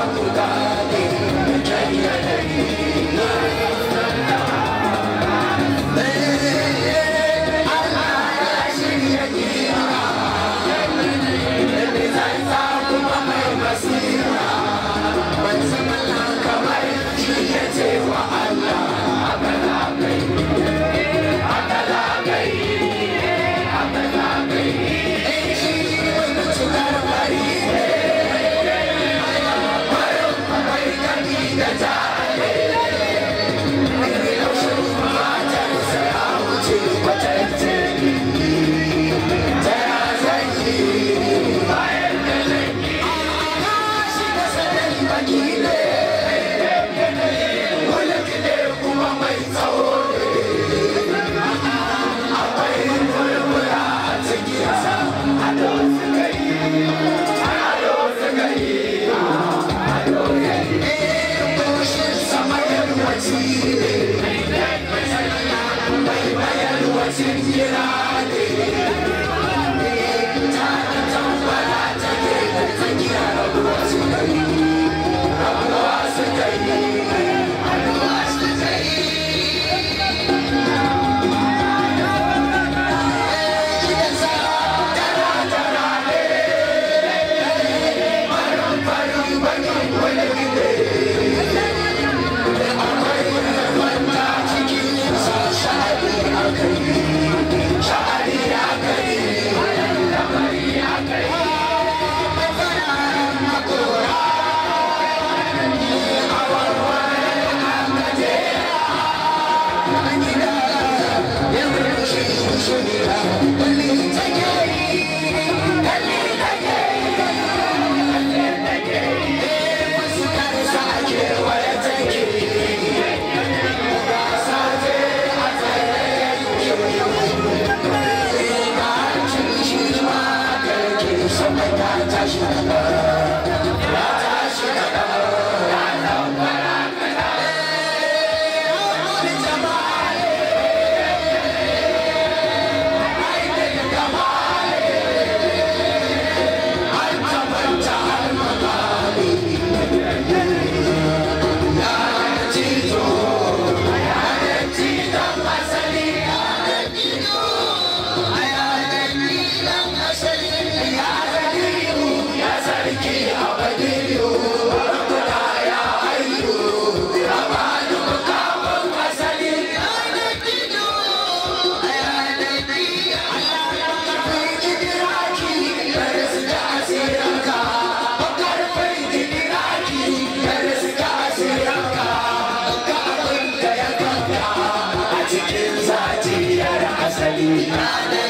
madrugada. Charlie. quiera! Touch my love. Obrigada.